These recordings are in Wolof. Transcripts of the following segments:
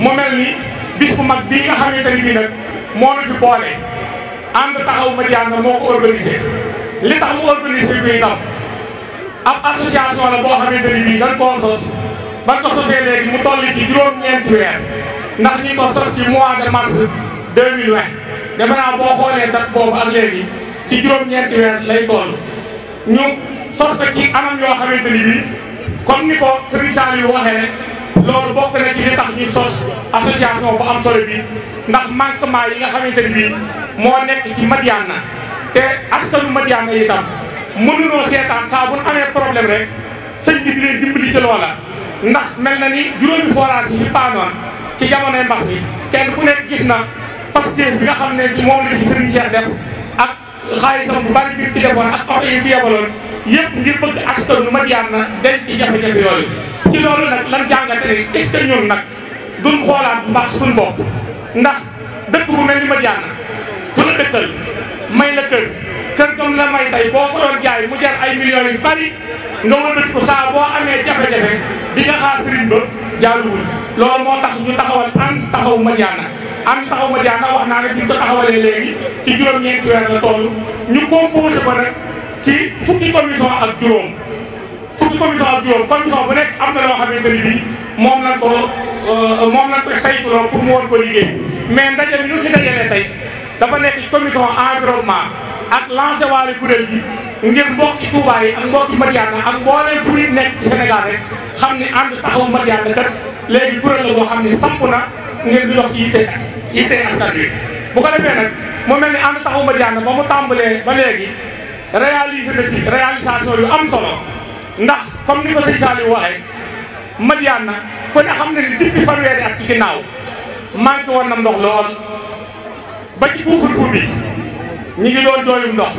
mu mel ni bis bu mag bii nga xamante ni bii nag moo na ci boole ànd taxawu Madyana moo ko organisé li tax mu organisé bi itam ab association la boo xamante ni bii dañ koo sos ban ko sosee léegi mu toll ci juróom-ñeenti weer ndax ñi ko sos ci mois de mars 2020 defe naa boo xoolee date boobu ak léegi ci juróom ñeen weer lay toll ñu sos ko anam yoo xamante ni bii ni ko Serigne Saliou waxee loolu bokk na ci li tax ñu sos association bu am solo bi ndax manquement yi nga xamante ne bii moo nekk ci Madiyana te askanu Madiyana itam mënunoo seetaan saa bu amee problème rek sëñ bi ci loola ndax mel na ni juróomi forage yi paanoon ci jamonoy ndax mi kenn ku nekk gis na pasteur bi nga xam ne moom la ci sëriñ Cheikh def ak xaalisam bu bari bi ci defoon ak oto yi fi yebaloon yëpp ngir bëgg askanu Madiyana denc ci jafe ci loolu nag lan jàngate ne est-ce que ñun nag duñ xoolaat mbaax suñ bopp ndax dëkk bu mel ni ma jàng fu la may la kër kër gam la may tey boo ko doon jaay mu jar ay millions yu bari nga wëlbati ko saa boo amee jafe-jafe di nga xaar sëriñ ba jaaduwul loolu moo tax ñu taxawal ànd taxawu Madiyana ànd taxawu Madiyana wax naa ne bi ñu ko ci juróom-ñeenti weer la toll ñu composé ko ci fukki commission ak juróom fukki commission ak juróom commission bu nekk am na loo xamante ni bii moom lañ ko euh, moom lañ ko saytuloo pour mu war ko liggéey mais ndaje bi ñu fi dajalee tey dafa nekk commission environnement ak lancé waale kuréel gi ngir mbokki Touba yi ak mbokki Madiyana ak mbooleem fu nit nekk ci Sénégal rek xam ni ànd taxaw Madiyana kat léegi kuréel la boo xam ni samp na ngeen di dox ci yitte yitte askan wi bu ko defee nag mu mel ni ànd taxaw Madiyana ba mu tàmbalee ba léegi réalisé na ci réalisation yu am solo ndax comme ni ko sëñ Saliou waxee Madiane na ku ne xam ne ni depuis fanweeri at ci ginnaaw manqué woon na ndox lool ba ci buuful bi ñu ngi doon jooyum ndox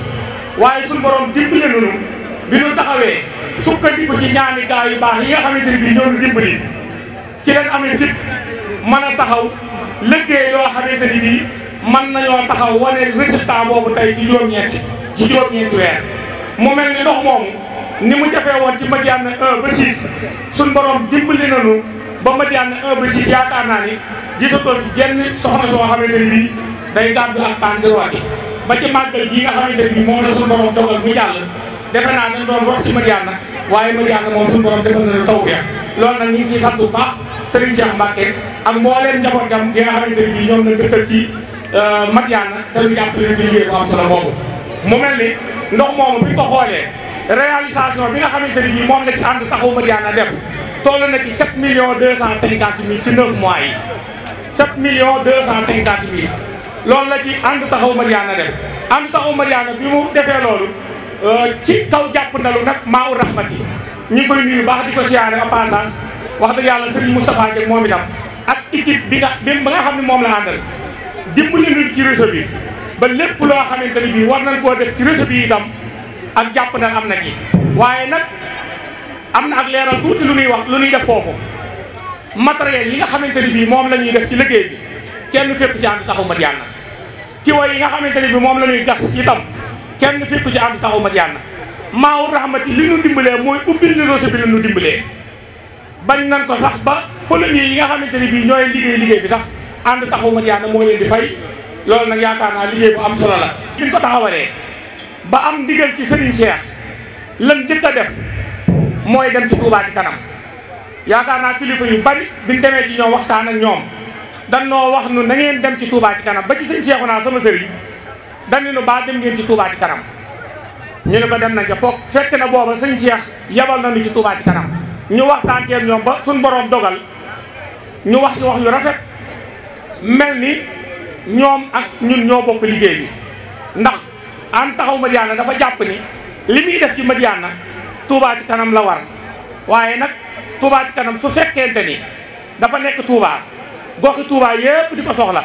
waaye suñu borom dimbali nañu bi ñu taxawee sukkandiku ci ñaani gaa yu baax yi nga xamante ne bii ñoo ñu dimbali ci leen amee mën a taxaw liggéey yoo xamante ni bii mën nañoo taxaw wane résultat boobu tey ci juróom-ñeenti ci mu mel ni ndox moomu. ni mu jafee woon ci Madiane 1 ba 6 suñ borom dimbali nañu ba Madiane 1 ba 6 yaakaar naa ni gisatoo ci jenn soxna soo xamante ne bii day du ak paan di rooti ba ci màggal gi nga xamante ne bii moom la suñ borom dogal mu jàll defe naa dañ doon root ci Madiane waaye Madiane moom suñ borom defal nañu tawfeex loolu nag ñu ngi ciy sant bu baax Serigne Cheikh Mbacke ak mbooleem njabootam gi nga xamante ne bii ñoom la dëkkal ci euh, Madiane te ñu jàppale liggéey bu am solo boobu mu mel ni ndox moomu bi ko xoolee réalisation bi na xamante ni moom la ci ànd taxawu Madiyana def toll na ci 7 millions 250 mille ci 9 mois yi 7 millions 250 mille loolu la ci ànd taxawu Madiyana def ànd taxawu Madiyana bi mu defee loolu euh, ci taw jàpp nalu nag Maaw Rahmati ñu koy nuyu baax di ko siyaare en passage wax dëgg yàlla Serigne Moustapha Dieng moom itam ak équipe bi nga bi nga xam ne moom la àndal dimbali nañu ci réseau bi ba lépp loo xamante ni bii war nañ koo def ci réseau bi itam. ak jàpp ndal am na ci waaye nag am na ak leeral tuuti lu ñuy wax lu ñuy def foofu matériel yi nga xamante ni bii moom la ñuy def ci liggéey kenn fépp ci ànd taxaw ma jànn ci way yi nga xamante ni bii moom lañuy ñuy gas itam kenn fépp ci ànd taxaw ma jànn maawul rahmati li ñu dimbalee mooy ubbil ni roose bi li ñu dimbalee bañ nañ ko sax ba polonniers yi nga xamante ni bii ñooy liggéey liggéey bi sax ànd taxaw ma jànn moo leen di fay loolu nag yaakaar naa liggéey bu am solo la. bi ñu ko taxawalee ba am ndigal ci Serigne Cheikh lan njëkk a def mooy dem ci Touba ci kanam yaakaar naa kilifa yu bari bi ñu demee ci ñoom waxtaan ak ñoom dan noo wax nu na ngeen dem ci Touba ci kanam ba ci sëñ Cheikhu naa sama sëriñ dañu nu baa dem ngeen ci Touba ci kanam ñu ne ko dem nañ ca foog fekk na booba sëñ Cheikh na nañu ci Touba ci kanam ñu waxtaan ceeb ñoom ba suñ borom dogal ñu wax ci wax yu rafet mel ni ñoom ak ñun ñoo bokk liggéey bi ndax am taxaw Madiyana dafa jàpp ni li muy def ci Madiyana Touba ci kanam la war waaye nag Touba kanam su fekkente ni dafa nekk Touba goxi Touba yépp di ko soxla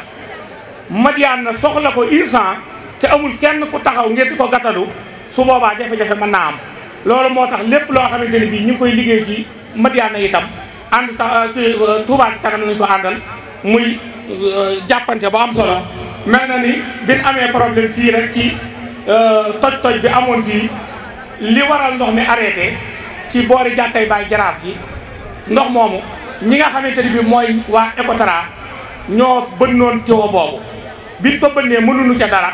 Madiyana soxla ko urgent te amul kenn ku taxaw ngir di ko gàttalu su boobaa jafe-jafe mën naa am loolu moo tax lépp loo xamante ne bii ñu koy liggéey ci Madiyana itam ànd tax euh, euh, ci kanam nañu ko àndal muy euh, jàppante bu am solo mel na ni biñ amee problème fii rek ci Euh, toj-toj bi amoon fii li waral ndox mi arrêté ci boori jàkkay baay jaraaf gi ndox moomu ñi nga xamante ni bi mooy waa Ecotara ñoo bënnoon tiwo boobu biñ ko bënnee mënuñu ca dara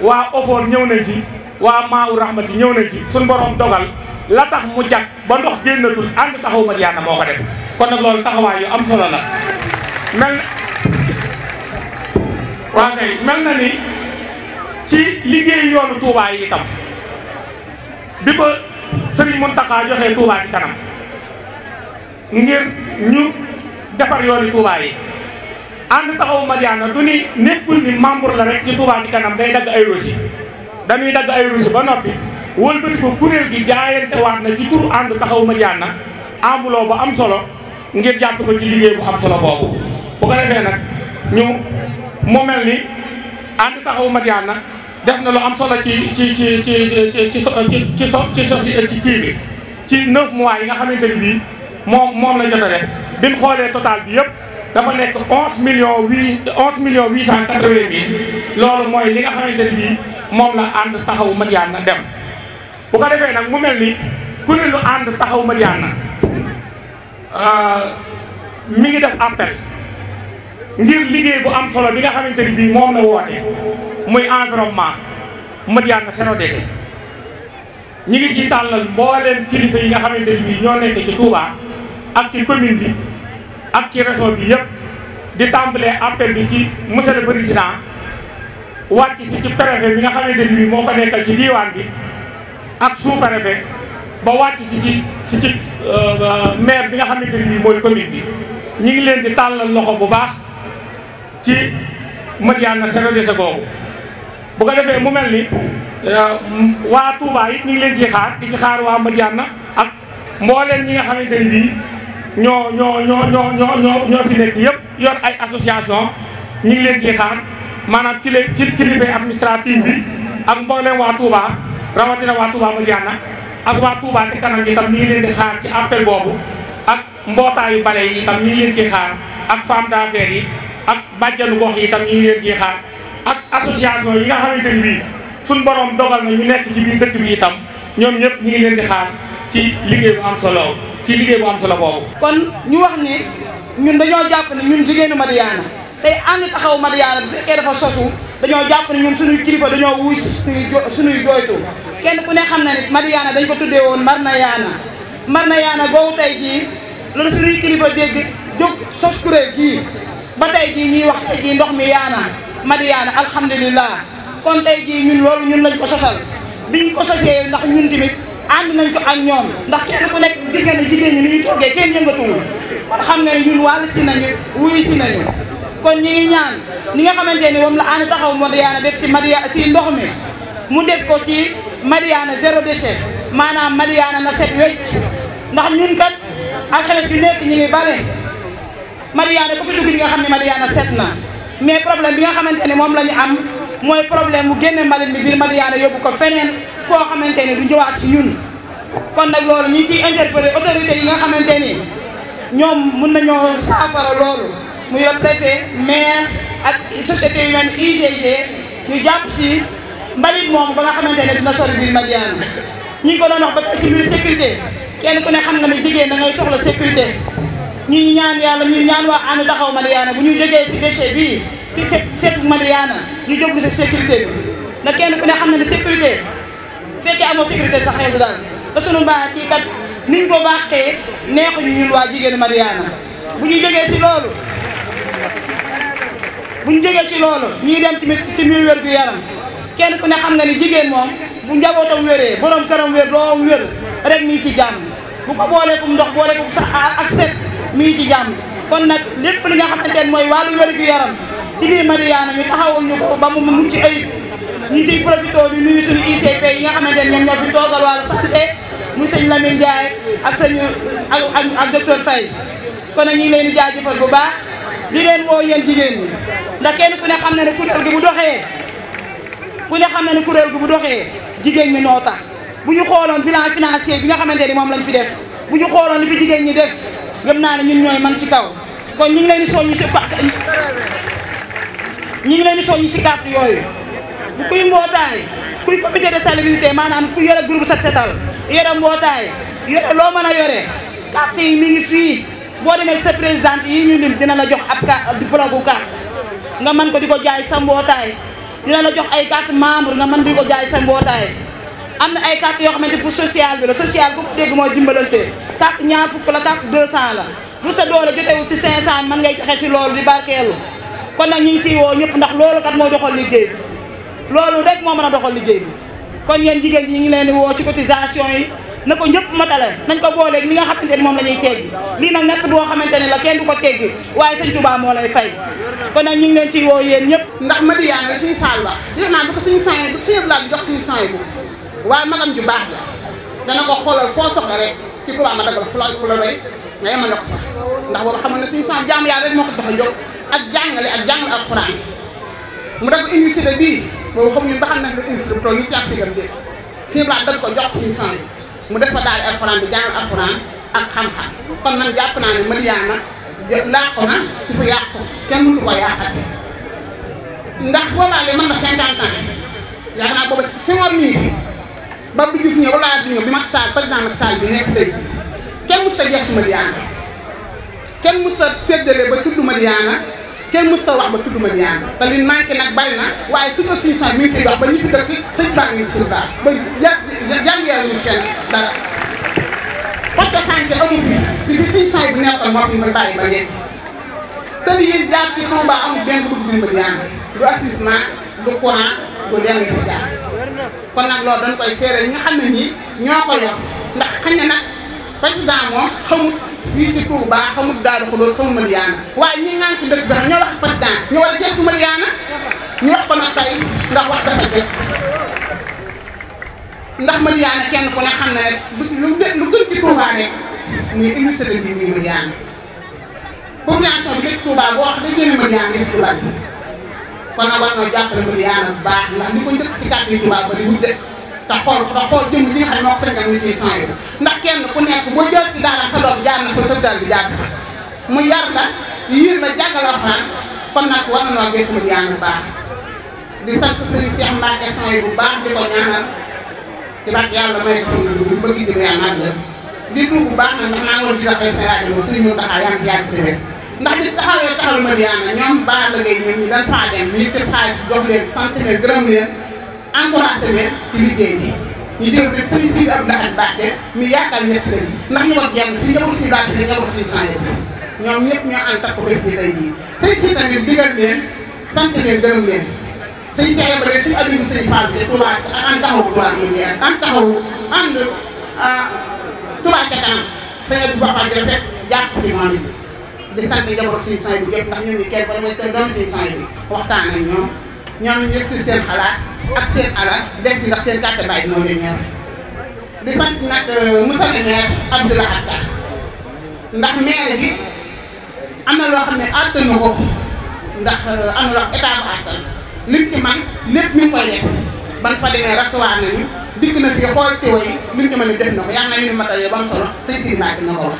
waa Ofoor ñëw nañ ci waa Maawu Rahmati ñëw nañ ci suñ borom dogal la tax mu jag ba ndox génnatul ànd taxawu Madiyana moo ko def kon nag loolu taxawaay yu am solo la mel waaw mel na ni ci liggéey yoonu Touba yi itam bi ko Serigne Mountakha joxee Touba ci kanam ngir ñu defar yoonu Touba yi ànd taxawu Madiyana du ni nekkul ni membre la rek ci Touba kanam day dagg ay rosi dañuy dagg ay rosi ba noppi wëlbati ko kuréel gi jaayante waat na ci turu ànd taxawu Madiyana ambuloo ba am solo ngir jàpp ko ci liggéey bu am solo boobu bu ko defee nag ñu mu mel ni ànd taxawu Madiyana def na lu am solo ci ci ci ci ci so ci so ci so ci kii ci neuf mois yi nga xamante ni bii moom moom la jot a def bi ñu xoolee total bi yëpp dafa nekk onze million huit onze million huit cent quatre-vingt mille loolu mooy li nga xamante ni bii moom la ànd taxawu Madiyana dem bu ko defee nag mu mel ni kuréelu ànd taxawu Madiyana mi ngi def appel ngir liggéey bu am solo bi nga xamante ni bii moom na woote muy environnement Madiane SENODES ñu ngi ci tàllal mbooleem kilifa yi nga xamante ne bii ñoo nekk ci Touba ak ci commune bi ak ci région bi yëpp di tàmbalee appel bi ci monsieur le président wàcc si ci préfet bi nga xamante ne bii moo ko nekkal ci diwaan bi ak sous préfet ba wàcc si ci si ci euh, maire bi nga xamante ne bii mooy commune bi ñu ngi leen di tàllal loxo bu baax ci Madiane SENODES googu. bu ko defee mu mel ni euh, waa Touba it ñu ngi leen ci xaar di ci xaar waa Madiana ak mbooleen ñi nga xamante ni bii ñoo ñoo ñoo ñoo yëpp yor ay association ñu ngi leen ci xaar maanaam ci leen ci kilifa administratif bi ak mbooleen waa Touba rawatina waa Touba Madiana ak waa Touba te kanam itam ñu ngi leen di xaar ci appel boobu ak mbootaayu bale yi itam ñu ngi leen ci xaar ak femme d'affaires yi ak bàjjanu gox yi itam ñu ngi leen ak association yi nga xamante ni bii suñ borom dogal na ñu nekk ci biir dëkk bi itam ñoom ñëpp ñu ngi leen di xaar ci liggéey bu am solo ci liggéey bu am boobu. kon ñu wax ne ñun dañoo jàpp ne ñun jigéenu Madiyana tey ànd taxaw Madiyana bu fekkee dafa sosu dañoo jàpp ne ñun suñuy kilifa dañoo wuy suñuy suñuy jooytu kenn ku ne xam ne ne Madiyana dañ ko tuddee woon Marnayaana Marnayaana boobu tey jii loolu suñuy kilifa dégg jóg sos kuréel gii ba tey jii ñuy wax ndox mi yaana Madiyana alhamdulilah kon tey jii ñun loolu ñun lañ ko sosal ñu ko sosee ndax ñun tamit ànd nañ ko ak ñoom ndax kenn ku nekk jigéen ñi ni ñuy toogee kenn yëngatuwul kon xam ne ñun wàll si nañu kon ñi ngi ñaan ñi nga xamante ni moom la ànd taxaw Madiyana def ci mi mu def ko ci Madiyana zéro maanaam Madiyana na set wecc ndax ñun kat alxames bi nekk ñu ngi bare Madiyana ku fi dugg ñi nga xam ne Madiyana set na mais problème bi nga xamante ne moom lañu ñu am mooy problème mu génne mbalit bi biir Madiyana yóbbu ko feneen foo xamante ne du ñëwaat si ñun kon nag loolu ñu ngi ciy interpellé autorité yi nga xamante ni ñoom mun nañoo saafara loolu muy le préfet maire ak société humaine IGG ñu jàpp si mbalit moom ba nga xamante ne dina sori biir Madiyana ñi ngi ko doon ba tey si biir sécurité kenn ku ne xam na ne jigéen da ngay soxla sécurité ñuy ñaan yàlla ñuy ñaan waa ànd taxaw Madiyana bu ñu jógee si déchet bii si se set Madiyana ñu jóglu si sécurité bi na kenn ku ne xam ne ne sécurité fekkee amoo sécurité sax xel du daal te sunu mbaa kii kat niñ ko baaxee neexuñ ñun waa jigéenu Madiyana bu ñuy jógee si loolu bu ñu jógee ci loolu ñuy dem tamit ci mbiru wér gu yaram kenn ku ne xam nga ni jigéen moom bu njabootam wéree borom këram wér doom wér rek mi ci jàmm bu ko booleekum ndox booleekum sax ak set mi ngi kon nag lépp li nga xamante ne mooy la wér gu yaram ci biir Madiyana ñu taxawul ñu ko ba mu mucc ayib ñu ciy profité ñu nuyu suñu ICP yi nga xamante ne ñoom ñoo fi toogal wàllu santé muy sëñ Lamine ak sëñ ak ak docteur Faye kon nag ñu ngi leen di jaajëfal bu baax di leen woo jigéen ndax kenn ku ne xam na ne kuréel doxee ku ne xam na kuréel gi bu doxee jigéen ñi noo tax bu ñu xooloon bilan financier bi nga xamante ni moom lañ fi def bu ñu xooloon li fi jigéen ñi def gëm naa ne ñun ñooy man ci kaw kon ñu ngi leen di soññu si pàcc ngi leen di soññu si carte yooyu bu kuy mbootaay kuy comité de salubrité maanaam ku yore groupe set setal yore mbootaay yore loo mën a yore carte yi mi ngi fii boo demee sa présidente yi ñu lim dina la jox ab carte blogu carte nga mën ko di ko jaay sa mbootaay dina la jox ay carte membre nga mën di ko jaay sa mbootaay am na ay carte yoo xamante pour social bi la social bu ko dégg mooy dimbalante takk ñaar fukk la takk 200 la lu sa doole jotewul ci 500 mën ngay joxe si loolu di barkeelu kon nag ñu ngi ciy woo ñëpp ndax loolu kat moo doxal liggéey bi loolu rek moo mën a doxal liggéey bi kon yéen jigéen ñi ñu ngi leen di woo ci cotisation yi na ko ñëpp matale nañ ko booleeg li nga xamante ni moom la ñuy teggi lii nag nekk doo xamante ni la kenn du ko teggi waaye sëñ Tuubaa moo lay fay kon nag ñu ngi leen ciy woo yéen ñëpp ndax madi yaa ngi suñu saal wax def ko suñu ko suñu laaj jox ci Tuubaa ma dagal fu la fu la doy nga yemal ko fa ndax boobu xamoon ne suñu sant jaam yaa rek moo ko dox a jóg ak jàngale ak jàngale alxuraan mu def université la université bu toll nii ci Afrique am ko jox suñu sant yi mu def fa daal alxuraan bi jàngal alxuraan ak xam-xam kon man jàpp naa ne Madiyana làqu na ci fa yàqu kenn mënu ko yàqati ndax boobaa léegi mën na cinquante ans yaakaar naa boobu Senghor mi ngi fi ba Abdou Diouf ñëw wala Abdou ñëw bi Macky Sall président Macky Sall bi nekk tey kenn mu sa ges Madiyana kenn mu sa séddale ba tudd Madiyana kenn mu sa wax ba tudd ma te li manqué nag bari ba ñu fi dëkk sëñ baa kenn dara parce que santé amu fi li fi suñu sang ma bàyyi ba léegi te li yéen jaar ci Touba amul benn bëgg bi Madiyana du assainissement du courant du lenn fi jaar kon nag loolu dañ koy seere ñi xam ne nii ñoo ko yor ndax xañ na nag président moom xamut fii ci Touba xamut Daaru Xudoos xamut Madiyaana waaye ñi ngaan ci dëkk bi ñoo wax président ñu a gëstu Madiyaana ndax wax kenn ku ne xam ne lu gën ci Touba nekk muy université bi muy Madiyaana population bi dëkk Touba boo wax da jëli Madiyaana gis lu bari kon nag war noo jàppale Madiyaana bu baax ak li tubaab ba di wut dëkk te xool te xool jënd li nga xam ne ndax kenn ku nekk boo jël ci daara sa doom jaar sa daal bi jaar mu la la jàngal alxuraan kon nag war nañoo gëstu mu jàng bu baax di sant sëriñ Cheikh Mbacke son yi bu baax di ko ñaanal ci barke yàlla may ko suñu dugub bëgg jëm yàlla bu baax nag ndax maa ngi woon di dox rek sa rajo moom suñu mun taxaw yaa ngi yàgg te rek ndax di taxawee taxaw ma di ñoom baa lëggéey ñoom dañ faa dem ñu yëkkati xaalis jox leen sant leen gërëm leen encouragé leen ci liggéey bi ñu déglu rek sëriñ Sidi Abdou Lahad Mbacké mi yaakaar ñett kër yi ndax ñu war jàng fi ñëwul si Mbacké fi ñëwul si Sane ñoom ñëpp ñoo ànd takku def ñu tey jii sëriñ si tamit digal leen sant de Touba yi ñu am an taxawu ànd euh, Touba ca kanam di rafet jàpp ci moom ndax ñun ñu kenn ba damay kër doon sëñ Sane bi waxtaan ak ñoom ñoom ñu yëkkati seen xalaat ak seen alal def bi ndax seen carte baaj moo leen ñor di sant nag euh, monsieur le ndax maire bi am na loo xam ne àttan na ko ndax am na loo xam état bu àttan lim ci man lépp mi ngi koy def ban fa demee recevoir nañu dikk na fii xool tiwo yi lim ci mën a def na ko yàlla na ne matériel ba mu solo sëñ si Mbacke na ko wax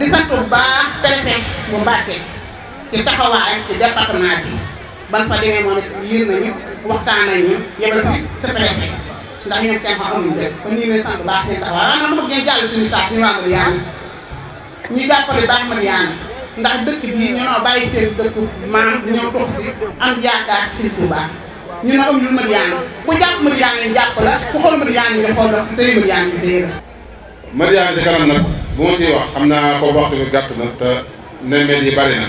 di sant bu baax préfet bu Mbacke ci taxawaayam ci département bi ban fa demee moom it yër nañu waxtaan ak ñun yebal fi sa préfet ndax ñoom kenn xam amuñu def kon ñu ngi leen sant baax seen taxawaay waaye waa Madiyana ndax dëkk bii ñu noo bàyyi seen dëkk maam ñoo tox si am yaakaar si Touba ñu ne am lu Madiyana ku jàpp Madiyana ñu jàpp la ku xool Madiyana ñu xool la ku tëye ñu tëye la. Madiyana ci kanam nag bu ma ciy wax xam naa ko waxtu bi gàtt na te nemmeet yi bari na.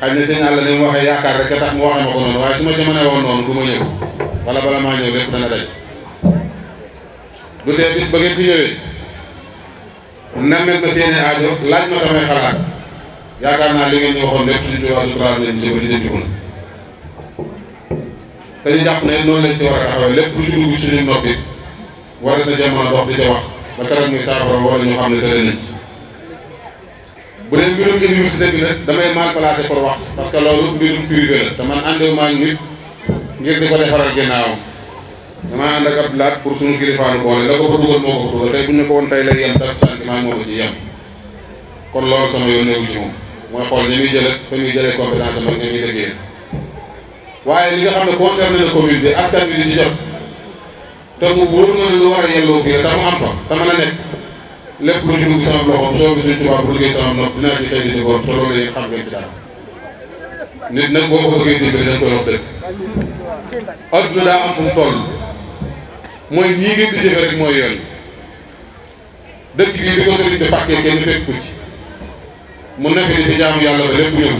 xaj na sëñ àll ni mu waxee yaakaar rek tax mu waxee ma ko noonu waaye su ma jamono woon noonu du ma ñëw wala bala maa naa li ngeen ñu waxoon lépp suñu tubaab suturaal leen ci ba ko te ñu war a ñu xam ne tële nañ bu dee mbirum université bi nag damay mal placé pour wax parce que loolu mbirum privé la te man àndewuma ak nit ngir di ko defaral ginnaawam damaa ànd ak ab laat pour suñu kilifaanu boole la ko fa dugal moo ko fa dugal tey bu ñu ko woon tey lay yem daf sentiment moo ko ci yem kon loolu sama yoon newu ci moom mooy xool ña muy jële fa muy jële compétence am ak ña muy liggéey waaye li nga xam ne concerné na commune bi askan bi di ci lépp lu ci dugg sama loxoom soo ko duggee sama nopp dinaa ci xëy ci góor te loolu yéen xam ngeen ci dara nit nag boo ko bëggee dimbali dañ di jëfe bi bi ko sëriñ bi kenn fekk ko ci mu nekk di fi jaamu yàlla ba lépp ñëw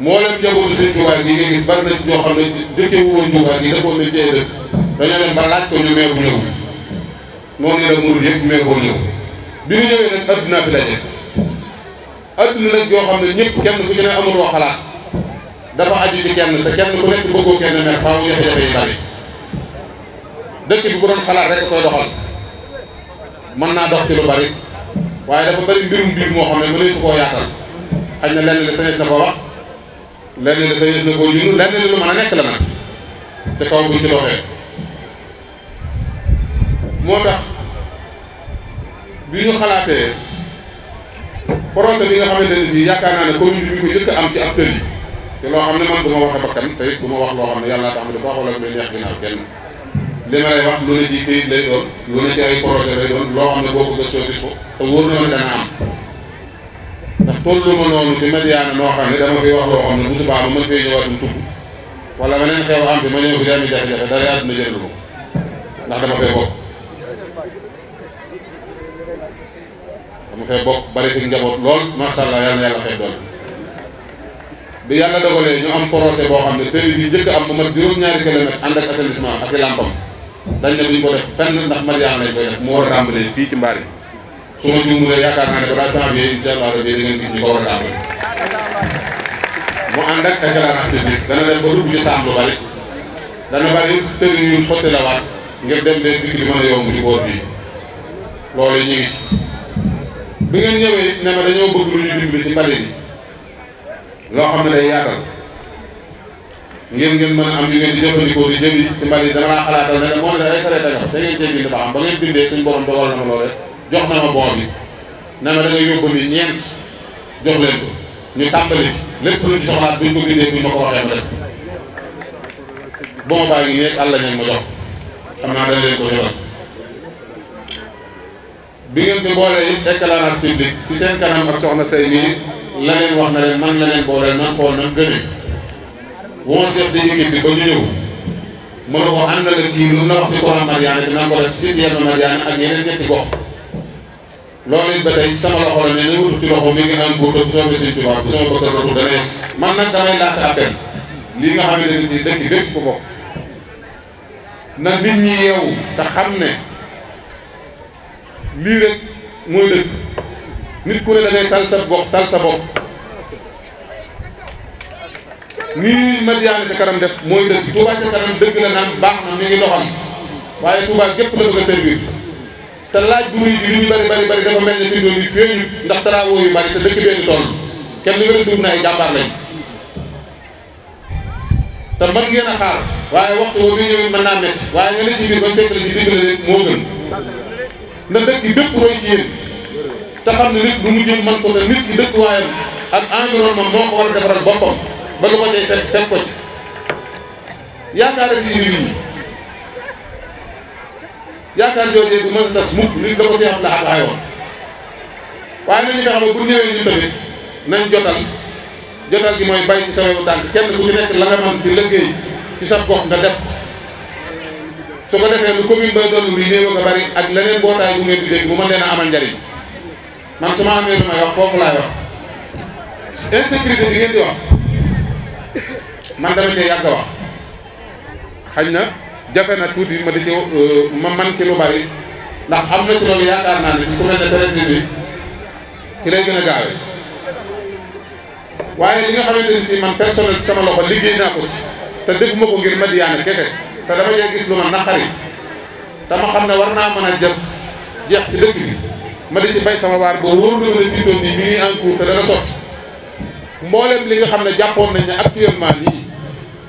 moo leen njabootu seen tubaab yi nga gis bari ñoo xam ne dëkkee wu woon tubaab yi defoon nañ ci dëkk dañoo dem ba laaj ko ñu meew ñëw moom ni la murid yëpp meewoo ñëw bi ñu ñëwee nag adduna fi daje adduna nag yoo xam ne ñëpp kenn ku ci ne amuloo xalaat dafa aju ci kenn te kenn ku nekk bëggoo kenn mer faaw jafe-jafe yi bari dëkk bi bu doon xalaat rek koy doxal mën naa dox ci lu bari waaye dafa bari mbirum biir moo xam ne mënees koo yaatal xaj na lenn li sañes na ko wax lenn li sañes na koo junn lenn li lu mën a nekk la nag te kaw buñ ci doxee moo tax bi ñu xalaatee projet bi nga xamante ne si yaakaar naa ne commune bi ñu ko njëkk a am ci ab tëli te loo xam ne man du ma waxee bakkan te it du ma wax loo xam ne yàlla tax ma dafa wax kenn li ma wax loo xam ne boo ko gëstoo gis ko te wóor na ma dana am ndax tollu ma noonu ci média noo xam ne dama fiy wax loo xam ne bu subaa ma mën fee ñëwaatum tugg wala beneen xew am fi ma ñëw fi di am jafe-jafe dara àdduna jënd ko ndax dama fay fee bokk bari fi njaboot lool macha allah yal na yàlla xeeb bi yàlla dogalee ñu am projet boo xam ne tëri bi njëkk am bu mat juróom-ñaari kilomètre ànd ak assainissement ak i lampam dañ ne bu ñu ko def fenn ndax Madiyana a ne balaa janvier incha allah rabi da ngeen gis dana dem ba dugg ci saam lu bari dana bari tëri yu xotti la waat ngir dem leen dikk di mën a yomb ci boor bi loolu ñu ngi bi ngeen ñëwee ne dañoo bëgg lu ñu dimbali ci mbalit yi loo xam ne day yaatal ngeen ngeen mën a am yu ngeen di jëfandikoo di jëndi ci mbalit yi dama xalaatal ne moo ne ay sareet a te ngeen cee bind ba xam ba ngeen bindee suñ borom dogal na ma loole jox na ma boor bi ne ma yóbbu ni ñeent jox leen ko ñu tàmbali lépp luñ ci soxlaat buñ ko bindee buñ ma ko waxee ma def ba ma ngi nekk àll ñeen ma jox xam naa dañ leen bi ngeen di boole it éclairage public ci seen kanam ak soxna say nii la leen wax na leen man la leen booleel nan xool nan gëne won chef di équipe bi ba ñu ñëw mën na ko ànd na kii lu na wax ci Kourou Madiane ba tey sama loxo la ne na wutut ci loxo mi ngi am góor te bu soobee seen bu sama bëgg a rëdd dana yegg man nag damay lancé appel lii nga xamante ne si dëkk bépp ko bokk na nit ñi yeewu te xam ne. lii rek mooy dëkk nit ku ne da ngay tal sa bopp tal sa bopp nii Madiyana ca kanam def mooy dëkk Touba ca kanam dëgg la naan baax na mi ngi doxal waaye Touba gépp la bëgg te laaj bu muy bi li bari bari bari dafa mel ne fi doon yi ndax travaux yu bari te dëkk benn tool kenn li wér duur na ay jàmbaar lañ te mën ngeen a xaar waaye waxtu woo bi ñëwee mën naa métti waaye nga ne ci biir fekk la ci digg la moo gën na dëkk bépp roy ci yéen te xam ne nit du mujjul man ko te nit ki dëkkuwaayam ak environnement moo ko war a defaral boppam ba nga ko tey fekk fekk ko ci yaakaar a fi nit ñi yaakaar joojee du mën a tas mukk nit da ko see xam ndax ak ayoo waaye nañu fexe ba bu ñëwee ñu tamit nañ jotal jotal gi mooy bay ci sa wewu tànk kenn ku ci nekk la nga mën ci liggéey ci sa gox nga def su ko defee lu commune bay doon luy néew ak a bari ak leneen mbootaay bu ngeen di dégg bu mën man su ma amee lu may na jafe na euh, ma man ci lu bari ndax am na loolu yaakaar naa ne ci ku mel ne préfet bi ci lay gën a gaawe waaye li nga xamante ni si man personnel ci sama loxo liggéey naa ko ci te defuma ko ngir Madiyana kese. te dama jee gis lu ma naqari dama xam ne war naa mën a jël jeex ci dëkk bi ma di ci bay sama waar boo wóor na ma ne fii doon nii mi te dana sotti mboolem li nga xam ne jàppoon nañ ne actuellement nii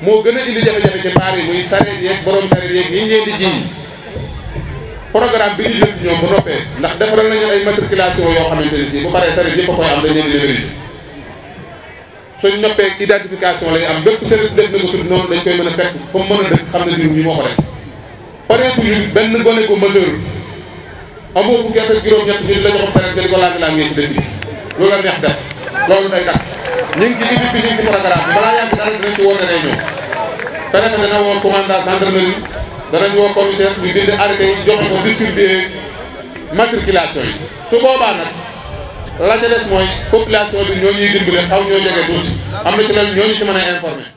moo gën a indi jafe-jafe ci baar yi muy sareet yeeg borom sareet yeeg yi ngeen di jiñ programme bi ñu jël ci ñoom bu noppee ndax defaral nañu ay matriculation yoo xamante ne si bu paree sareet yëpp a koy am dañ leen di numériser suñ noppee identification lay am bépp service def na ko sud noonu dañ koy mën a fekk fa mu mën a dëkk xam ne diw ñi moo ko def pareetu ñu benn gone ko mesure amoo fukki ak juróom-ñett ñu di la joxoon sareet di ko laaj laaj ngeen ci dëkk bi loolu la neex def loolu day tax ñu ngi ci équipe bi ñu ngi ci programme bi balaa yàgg dara dinañ ci woote réunion préfet dana woo commandant gendarmerie danañ woo commissaire ñu bind arrêté yi joxe ko distribuer matriculation yi la ca des mooy population bi ñoo ñuy dimbale xaw ñoo jege tuuti am na ci loolu ñoo ñu ci mën a informer